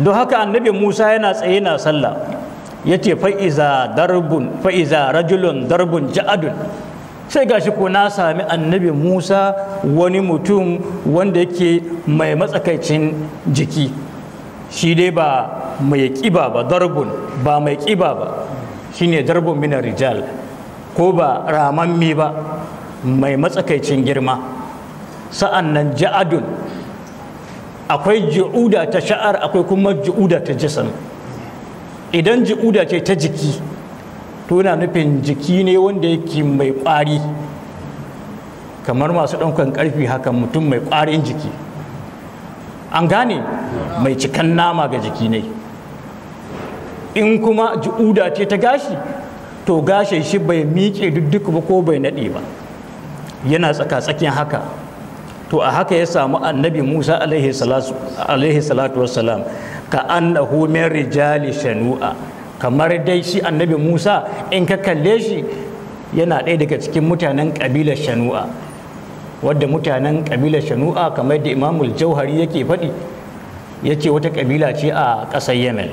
don haka annabi musa yana tsaye na sallah ya ce fa'iza rajulun darbun ja'adun sai gashi ko na sami annabi musa wani mutum wanda yake mai matsakaicin jiki shi dai ba mai kiba ba darbun ba mai kiba ba shine darbun mina rijal ko ba ramammi ba mai matsakaicin girma sa'an nan ja'adun akwai ju'uda ta sha'ar akwai kuma ju'uda ta jisan. idan ji'uda ce ta jiki to yana nufin jiki ne wanda yake mai ƙwari kamar masu ɗaukan ƙarfi haka mutum mai ƙwarin jiki an gane mai cikan nama ga jiki ne in kuma ju'uda ce ta gashi to gashin shi bai miƙe duk ba ko bai naɗe ba yana tsaka-tsakin haka to a haka ya samu annabi musa alaihi salatu wasalam ka annahu min rijali shanu'a kamar dai shi annabi musa in ka kalle shi yana ɗaya daga cikin mutanen ƙabilar shanu'a wadda mutanen ƙabilar shanu'a kamar da imamul jauhari yake faɗi ya ce wata ƙabila ce a ƙasar yemen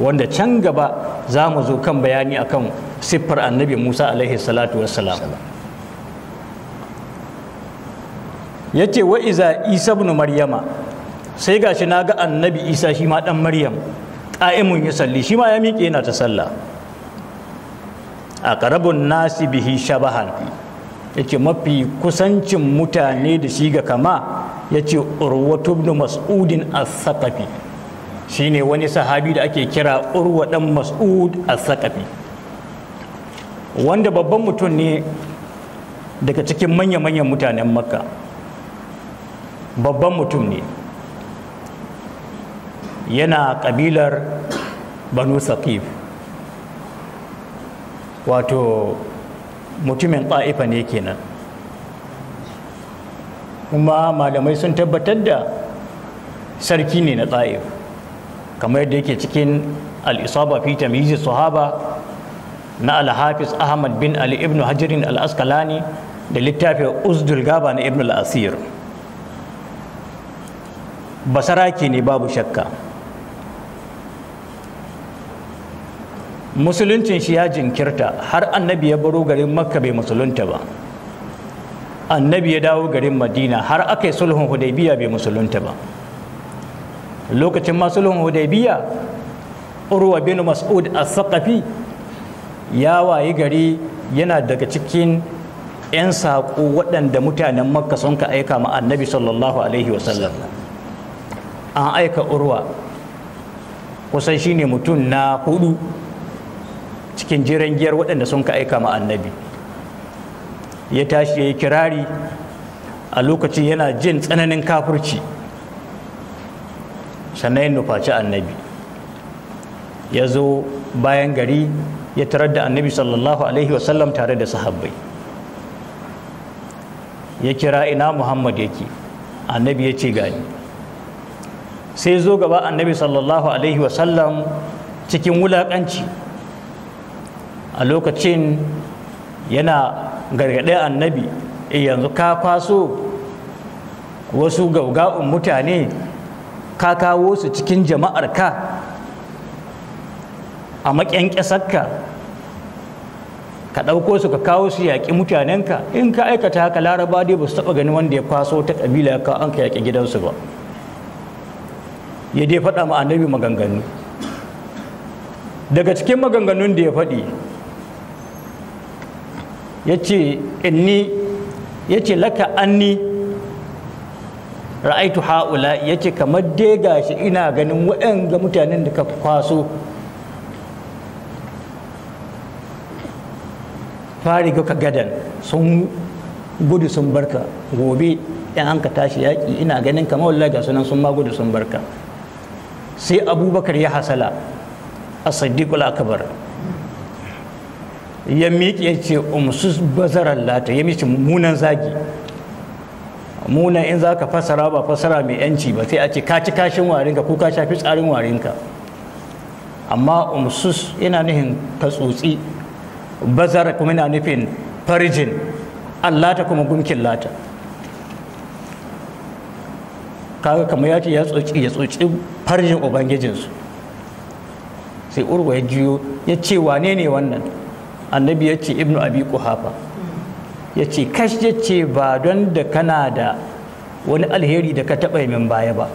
wanda can gaba za mu zo kan bayani akan siffar annabi musa alaihi salatu wasalam ya ce wa iza isa bin maryama sai gashi na ga annabi isa shi ma dan maryam ƙa'imun ya salli shi ma ya miƙe yana ta sallah a ƙarabin nasi bihi shabahan ya ce mafi kusancin mutane da shi ga kama ya ce urwatu bin mas'udin as-saqafi shine wani sahabi da ake kira urwa dan mas'ud as-saqafi wanda babban mutum ne daga cikin manya-manyan mutanen makka babban mutum ne yana kabilar banu saqif wato mutumin ƙa'ifa ne kenan kuma malamai sun tabbatar da sarki ne na Tsa'if kamar yadda yake cikin al'isaba fi tamyizi sahaba na alhafiz ahmad bin ali ibn hajirin al-askalani da littafin uzdul gaba na ibn al-asir basarake ne babu shakka musuluncin shi ya jinkirta har annabi ya baro garin makka bai musulunta ba annabi ya dawo garin madina har aka yi sulhun hudaybiya bai musulunta ba lokacin ma sulhun hudaybiya urwa bin mas'ud as-saqafi ya wayi gari yana daga cikin 'yan saƙo waɗanda mutanen makka sun ka aika ma annabi sallallahu alaihi wasallam an aika urwa kusan shine mutum na hudu cikin jiran giyar waɗanda sun ka aika ma annabi ya tashi ya yi kirari a lokacin yana jin tsananin kafurci sannan ya nufaci annabi ya zo bayan gari ya tarar da annabi sallallahu alaihi wasallam tare da sahabbai ya kira ina muhammad yake annabi ya ce gani sai zo gaba annabi sallallahu alaihi wasallam cikin wulaƙanci a lokacin yana gargaɗe annabi eh, yanzu ka kwaso wasu gauga'un mutane ka kawo su cikin jama'arka a maƙyanƙyasarka ka ɗauko su ka kawo su yaƙi mutanenka in ka aikata haka laraba dai ba su taɓa gani wanda ya kwaso ta ƙabila ka an ka yaƙi gidansu ba ya dai faɗa ma annabi maganganu daga cikin maganganun da ya faɗi ya ce inni ya ce laka anni ra'aitu ha'ula ya ce kamar dai gashi ina ganin ga mutanen da ka kwaso fari ka gadan sun gudu sun barka gobe 'yan an ka tashi yaƙi ina ganin kamar wallahi sunan sun ma gudu sun barka sai abubakar ya hasala a siddiqul akbar ya miƙe ya ce umsus bazarar lata ya mishi munan zagi munan in za ka fasara ba fasara mai yanci ba sai a ce ka ci kashin warinka ko ka shafi tsarin warinka amma umsus yana nufin ka tsotsi bazara kuma yana nufin farjin allata kuma gunkin lata kaga kamar ya ce ya tsotsi ya tsotsi farjin ubangijinsu sai urwa ya juyo ya ce wane ne wannan annabi ya ce ibnu abi kuhafa ya ce kash ya ce ba don da kana da wani alheri da ka taɓa min baya ba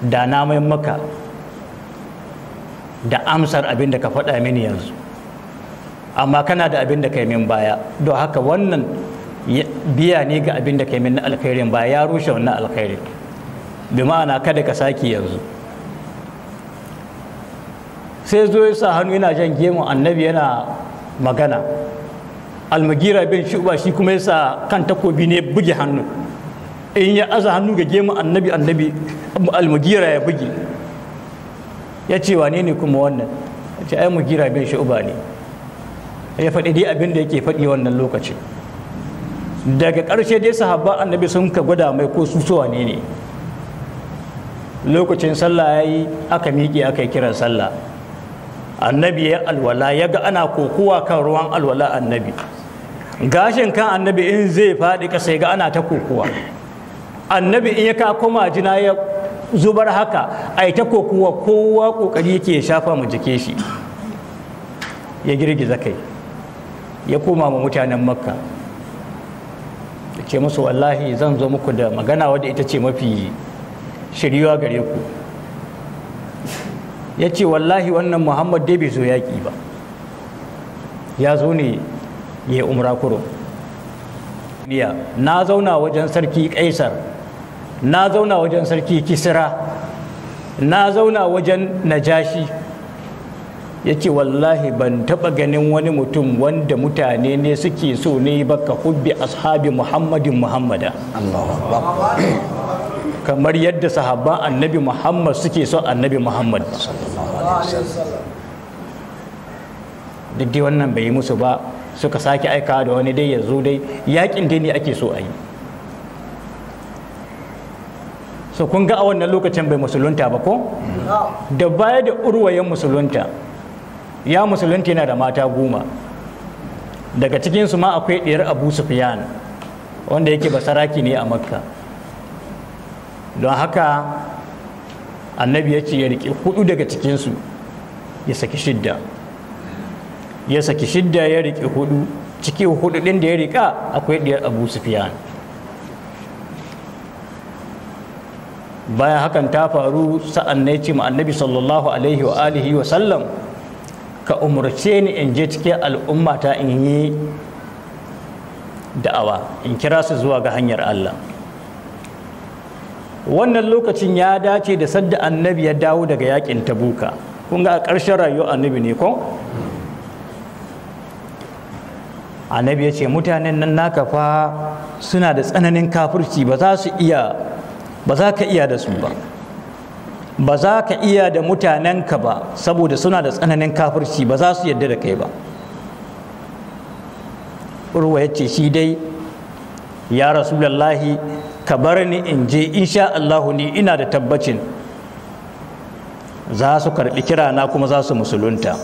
da na maka da amsar abin da ka faɗa mini yanzu amma kana da abin da kai min baya don haka wannan biya ne ga abin da ka min na alkhairin baya ya rushe wannan alkhairin bi ma'ana kada ka sake yanzu sai zo ya sa hannu yana jan gemun annabi yana magana almagira bin shuba shi kuma ya sa kan takobi ne buge hannu in ya aza hannu ga gemun annabi annabi almagira ya buge ya ce wane ne kuma wannan ya ce ai mugira bin shuba ne ya faɗi dai abin da yake faɗi wannan lokaci daga ƙarshe dai sahabba annabi sun ka gwada mai ko su ne ne lokacin sallah ya yi aka miƙe aka yi kiran sallah annabi ya alwala ya ga ana kokowa kan ruwan alwala annabi gashin kan annabi in zai faɗi ƙasa ga ana ta kokowa annabi in ya ka koma jina ya zubar haka a yi ta kokowa kowa ƙoƙari yake shafa mu jike shi ya girgiza kai ya koma ma mutanen makka ya ce musu wallahi zan zo muku da magana wadda ita ce mafi shiryuwa gare ku ya ce wallahi wannan muhammad dai bai zo yaƙi ba ya zo ne ya umra kuro na zauna wajen sarki kaisar na zauna wajen sarki kisira na zauna wajen najashi ya ce wallahi ban taɓa ganin wani mutum wanda mutane ne suke so ne baka hubbi ashabi muhammadin muhammada kamar yadda sahabban annabi muhammad suke son annabi muhammad duk dai wannan bai yi musu ba suka sake aika da wani dai yanzu dai yakin dai ne ake so a yi so kun ga a wannan lokacin bai musulunta ba ko da baya da urwayen musulunta ya musulunta yana da mata goma daga cikinsu ma akwai ɗiyar abu sufiyan wanda yake basaraki ne a makka don haka annabi ya ce ya riƙe hudu daga cikinsu ya saki shidda ya saki shidda ya riƙe hudu ciki hudu ɗin da ya riƙa akwai ɗiyar abu sufiyan bayan hakan ta faru sa'an na ce ma annabi sallallahu alaihi wa alihi wa sallam ka umarce ni in je cikin al'ummata in yi da'awa in kira su zuwa ga hanyar allah wannan lokacin ya dace da sadda annabi ya dawo daga yakin tabuka kun ga a ƙarshen rayuwar annabi ne ko annabi ya ce mutanen nan naka fa suna da tsananin kafirci ba za su iya ba za ka iya da su ba ba za ka iya da mutanenka ba saboda suna da tsananin kafirci ba za su yadda da kai ba urwa ya ce shi dai ya rasulullahi ka bar ni in je insha Allahu ni ina da tabbacin za su karbi na kuma za su musulunta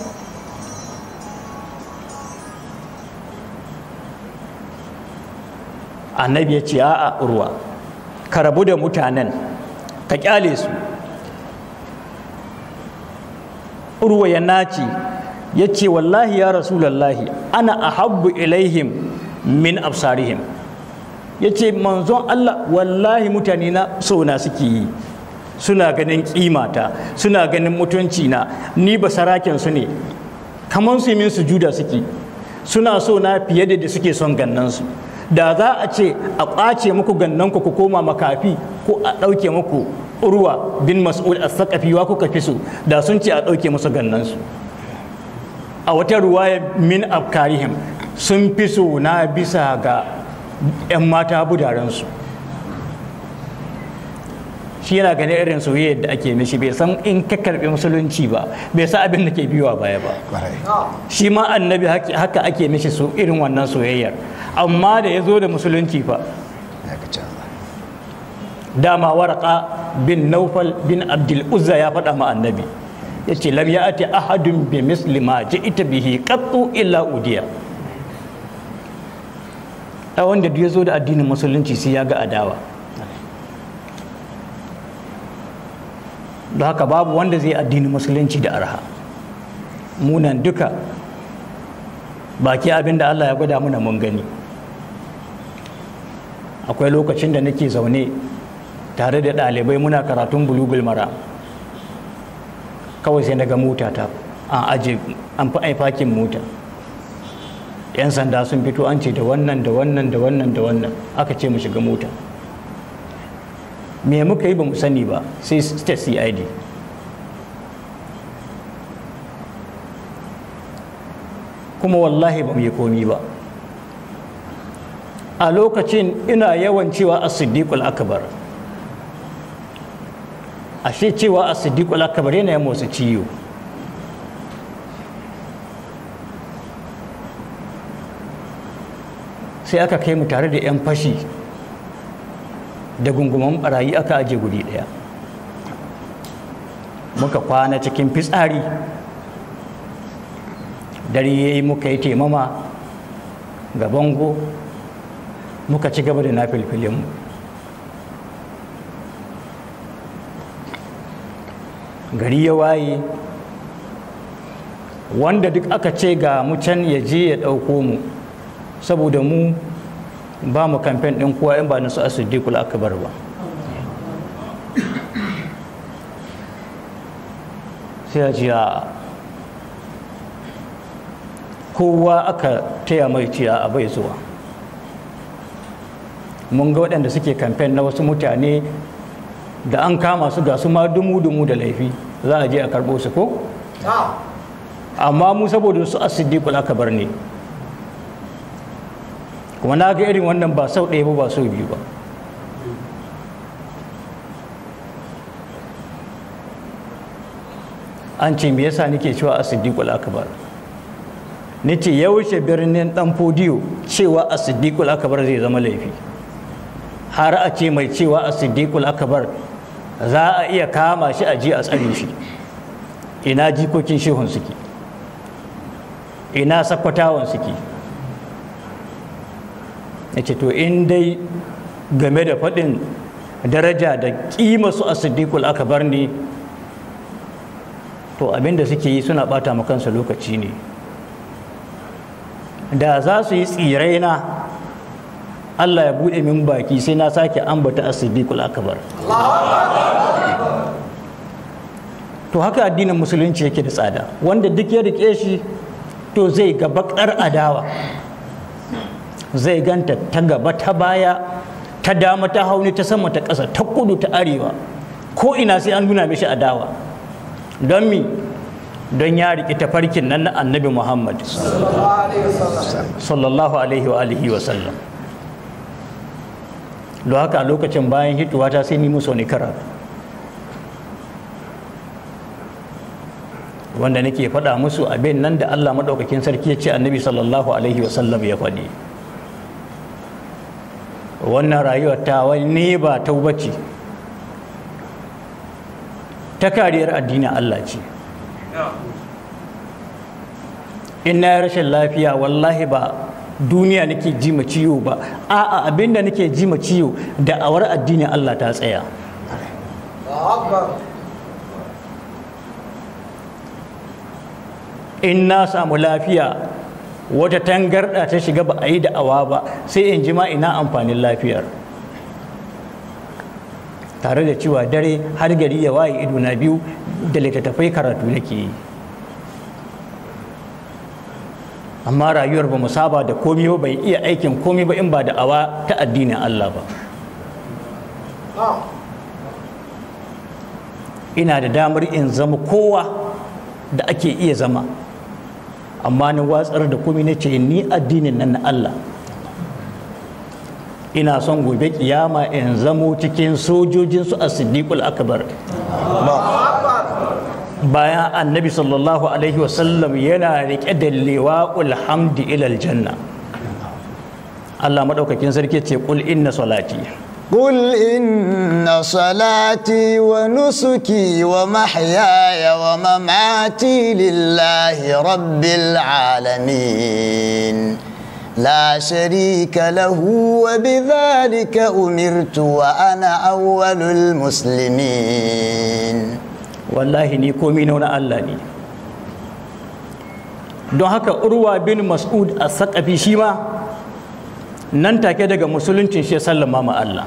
annabi ya ce a'a urwa ka rabu da mutanen ka kyale su urwa ya naci ya ce wallahi ya rasulallahi ana ahabbu ilaihim min absarihim ya ce manzon Allah wallahi mutane na sona suke yi suna ganin kimata suna ganin mutunci na ni ba saraken su ne kamar su min sujuda suke suna so na fiye da da suke son gannan su da za a ce a ƙwace muku gannan ku koma makafi ko a ɗauke muku urwa bin mas'ud as-saqafi wa kuka fi su da sun ce a ɗauke musu gannan su a wata ruwaya min afkarihim sun fi so na bisa ga 'yan mata budaransu shi yana gani irin soyayyar da ake mishi bai san in ka karbi musulunci ba bai sa abin da ke biyuwa baya ba shi ma annabi haka ake mishi su irin wannan soyayyar amma da ya zo da musulunci fa dama waraka bin naufal bin abdul uzza ya faɗa ma annabi ya ce lam ya ati ahadun bi mislima ji ita bihi qattu illa udiya a wanda ya zo da addinin musulunci sai ya ga adawa da haka babu wanda zai addinin musulunci da arha munan duka baki abin da allah ya gwada muna mun gani akwai lokacin da nake zaune tare da ɗalibai muna karatun bulugul mara kawai sai na ga mota ta an aje an mota yan sanda sun fito an ce da wannan da wannan da wannan da wannan aka ce mu shiga mota me muka yi ba mu sani ba sai state cid kuma wallahi ba mu yi komi ba a lokacin ina yawan cewa a siddiqul akbar ashe cewa a siddiqul akbar yana yin motsa ciwo sai aka kai mu tare da 'yan fashi da gunguman barayi aka aje guri ɗaya muka kwana cikin fitsari dare ya yi muka yi temama ga bango muka ci gaba da na filfilinmu gari ya waye wanda duk aka ce ga mu can ya je ya ɗauko mu saboda mu ba mu kamfen ɗin kowa in ba nasu asiddiqul akbar ba sai a jiya kowa aka taya mai ciya a bai zuwa mun ga waɗanda suke kamfen na wasu mutane da an kama su ga su ma dumu-dumu da laifi za a je a karɓo su ko ah. amma mu saboda su asiddiqul akbar ne kuma na ga irin wannan ba sau ɗaya ba ba sau biyu ba an ce me yasa nake cewa a akabar. ni ce ya wuce birnin dan fodiyo cewa a asiddiqul akabar zai zama laifi har a ce mai cewa a asiddiqul akabar za a iya kama shi a ji a tsare shi ina jikokin shehun suke ina sakwatawan suke ya ce to in dai game da faɗin daraja da ƙima su a siddiƙul aka bar ni to abinda suke yi suna ɓata kansu lokaci ne da za su yi tsirai na allah ya buɗe min baki sai na sake ambata a aka bar to haka addinin musulunci yake da tsada wanda duk ya riƙe shi to zai ga baƙar adawa zai ganta ta gaba ta baya ta dama ta hauni ta sama ta ƙasa ta kudu ta arewa ko ina sai an nuna mishi adawa don mi don ya riƙi farkin nan na annabi muhammad sallallahu alaihi wa alihi wa sallam don haka lokacin bayan hituwa ta sai ni musu wani kara. wanda nake faɗa musu abin nan da Allah maɗaukakin sarki ya ce annabi sallallahu alaihi wa sallam ya faɗi wannan rayuwar ta wani ba taubaci ta kariyar addinin Allah ce Ina ya rashin lafiya wallahi ba duniya nake ji ma ciwo ba a'a abinda nake ji ma ciwo da awar addinin Allah ta tsaya in na samu lafiya wata tangarɗa ta shiga ba a yi da awa ba sai in ji ma ina amfanin lafiyar tare da cewa dare har gari ya waye ido na biyu da littattafai karatu nake yi amma rayuwar ba mu saba da komi ba bai iya aikin komi ba in ba da awa ta addinin Allah ba ina da damar in zama kowa da ake iya zama amma ni watsar da komai na ce ni addinin nan na Allah ina son gobe kiyama in zamo cikin sojojinsu a siddiqul akbar bayan annabi sallallahu alaihi wasallam yana riƙe da liwa'ul hamdi ilal janna Allah maɗaukakin sarki ce ƙul inna salati قل إن صلاتي ونسكي ومحياي ومماتي لله رب العالمين لا شريك له وبذلك أمرت وأنا أول المسلمين والله نيكومين هنا الله ني أروى بن مسعود bin mas'ud a nan take daga musuluncin shi ya sallama ma Allah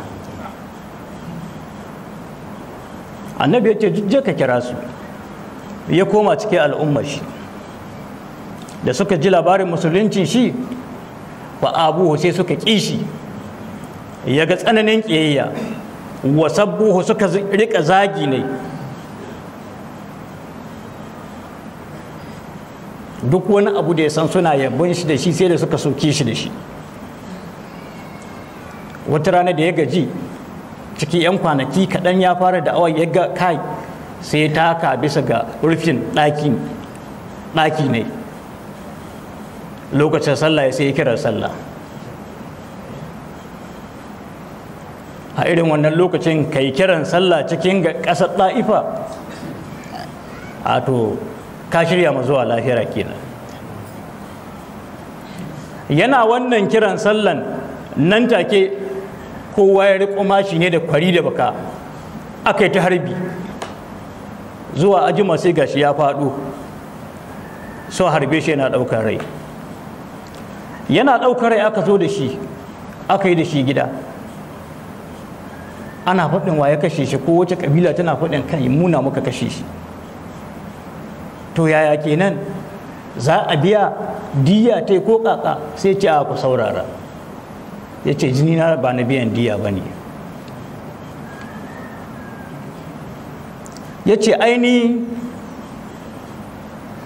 annabi ya ce je ka kira su ya koma cike al'ummar shi da suka ji labarin musuluncin shi ba'a abuhu sai suka kishi ya ga tsananin ƙiyayya wasabbuhu suka rika zagi ne duk wani abu da ya san suna yabon shi da shi sai da suka soke shi da shi wata rana da ya gaji ciki 'yan kwanaki kaɗan ya fara da awai ya ga kai sai ta ka bisa ga rufin ɗaki ne lokacin sallah ya sai kira sallah a irin wannan lokacin kai kiran sallah cikin ga ƙasa ɗa'ifa a to ka shirya ma zuwa lahira kenan yana wannan kiran sallan nan take kowa ya riƙo mashi ne da kwari da baka aka yi ta harbi zuwa ajima sai gashi ya faɗo so harbe shi yana ɗaukar rai yana ɗaukar rai aka zo da shi aka yi da shi gida ana faɗin wa ya kashe shi ko wace ƙabila tana faɗin kai muna muka kashe shi to yaya kenan za a biya diya ta ko ƙaƙa sai ce a ku saurara ya ce jini na ba na biyan diya ba ne ya ce aini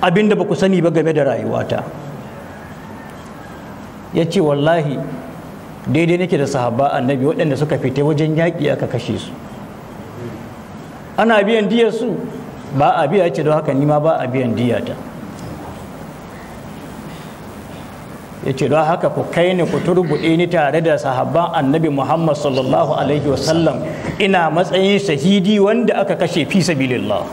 abinda ba ku sani ba game da rayuwata ya ce wallahi daidai nake da sahaba annabi waɗanda suka fita wajen yaƙi aka kashe su ana biyan diyar su ba a biya ce don haka nima ba a biyan diyata ta Ya ce don haka ku kai ni ku turbuɗe ni tare da sahabban annabi Muhammad sallallahu alaihi wasallam ina matsayin shahidi wanda aka kashe fi sabilillah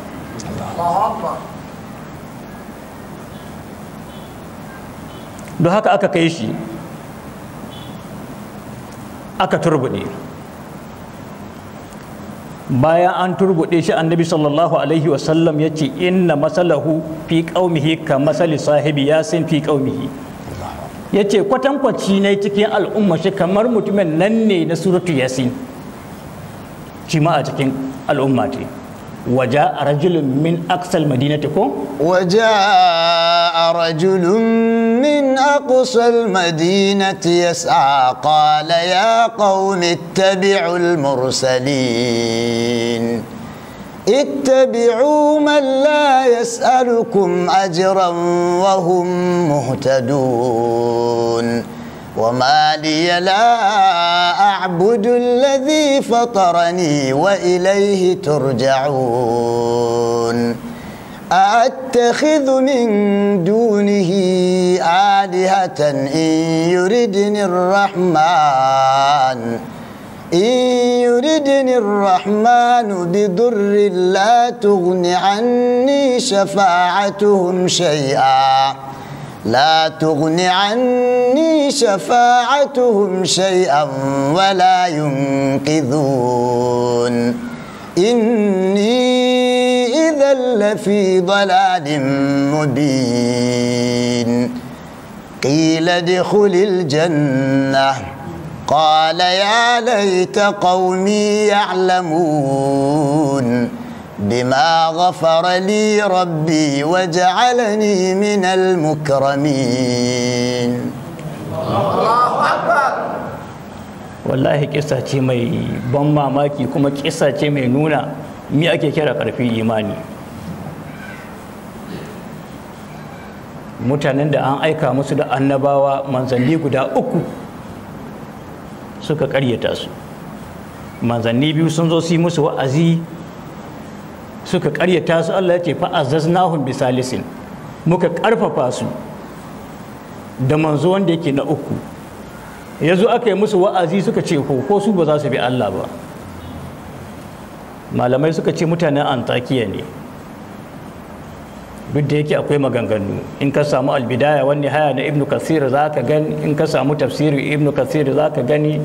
don haka aka kai shi aka turbuɗe bayan an turbuɗe shi annabi sallallahu alaihi wasallam ya ce inna masalahu fi ƙaumihi ka masali sahibi yasin fi ƙaumihi yace kwatan kwaci ne cikin al'umma shi kamar mutumin nan ne na suratul yasin shi ma a cikin al'umma ce waja rajulun min aqsal madinati ko? waja rajulun min aksal madinati ya saƙa la ya ƙauni tabi'ul mursalin اتبعوا من لا يسألكم أجرا وهم مهتدون وما لي لا أعبد الذي فطرني وإليه ترجعون أأتخذ من دونه آلهة إن يردني الرحمن إن يردني الرحمن بضر لا تغن عني شفاعتهم شيئا لا تغن عني شفاعتهم شيئا ولا ينقذون إني إذا لفي ضلال مبين قيل ادخل الجنة قال يا ليت قومي يعلمون بما غفر لي ربي وجعلني من المكرمين الله أكبر wallahi kisa ce mai ban mamaki kuma kisa ce mai nuna miya ake kira karfi imani mutanen da an aika musu da annabawa manzanni guda uku suka karyata su manzanni biyu sun zo su yi musu wa'azi suka karyata su Allah ya ce fa'azzaznahum bisalisin muka karfafa su da manzo wanda yake na uku Yanzu aka yi musu wa'azi suka ce ko su ba za su bi Allah ba malamai suka ce mutanen antakiya ne duk da yake akwai maganganu in ka samu albidaya wani haya na ibnu kasir za ka gani in ka samu tafsiri ibnu kasir za ka gani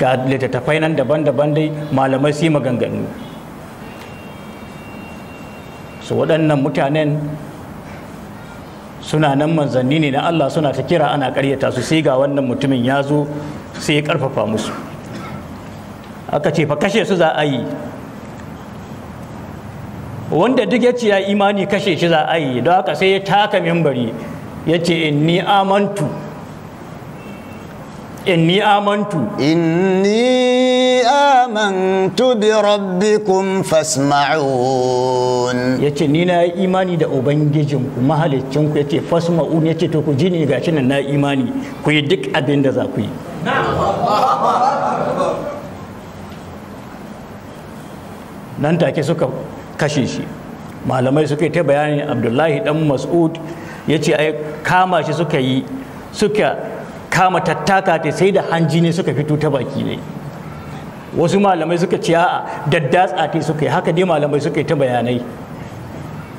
ga littattafai nan daban-daban dai malamai su yi maganganu su waɗannan mutanen suna nan manzanni ne na Allah suna ta kira ana karyata su sai ga wannan mutumin ya zo sai ya ƙarfafa musu aka ce fa kashe su za a yi wanda duk ya ce ya imani kashe shi za a yi don haka sai ya taka mimbari ya ce inni amantu inni amantu inni amantu bi rabbikum fasma'un ya ce ni na imani da ubangijinku mahalicinku ya ce fasma'un ya ce to ku ji ni gashi nan na imani ku yi duk abin da za ku yi nan take suka kashe shi malamai suka ta bayanin abdullahi dan mas'ud ya ce ai kama shi suka yi suka kama tattaka ta sai da hanji ne suka fito ta baki ne wasu malamai suka ce a'a daddatsa ta suka yi haka dai malamai suka ta bayanai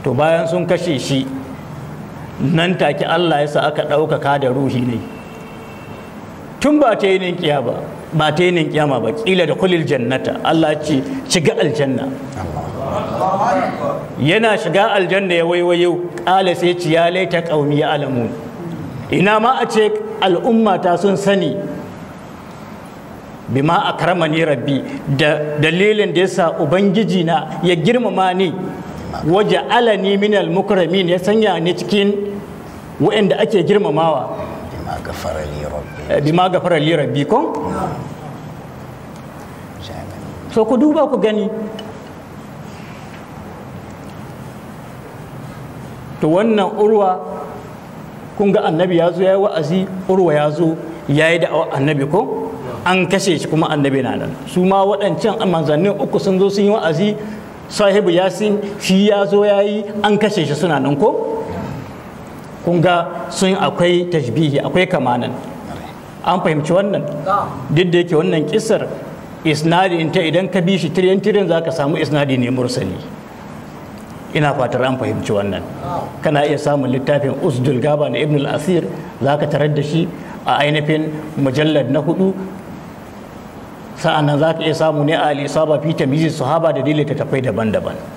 to bayan sun kashe shi nan take allah ya sa aka ɗaukaka da ruhi ne tun ba ta yi ninkiya ba ba ta yinin kiyama ba kila da kulil jannata Allah ya ce shiga aljanna yana shiga aljanna ya waiwayo ƙala sai ce ya laita qaumi ya alamu ina ma a ce al'umma ta sun sani bima akramani rabbi da dalilin da yasa ubangiji na ya girmama ni waje alani minal mukramin ya sanya ni cikin waɗanda ake girmamawa Eh, bima gafara li rabbi bima gafara li rabbi ko so ku duba ku gani to wannan urwa kun ga annabi ya zo ya yi wa'azi urwa ya zo ya yi da annabi ko an kashe shi kuma annabi na nan su ma waɗancan manzannin uku sun zo sun yi wa'azi sahibu yasin shi ya zo ya yi an kashe shi suna nan ko kun ga sun akwai tashbihi akwai kamanan an fahimci wannan duk da yake wannan kisar isnadi ta idan ka bi shi tiryan tiryan za ka samu isnadi ne mursali ina fatar an fahimci wannan kana iya samun littafin usdul gaba na ibn al-asir za ka tarar da shi a ainihin mujallar na hudu nan za ka iya samu ne a al-isaba fi su sahaba da dalilin tafai daban-daban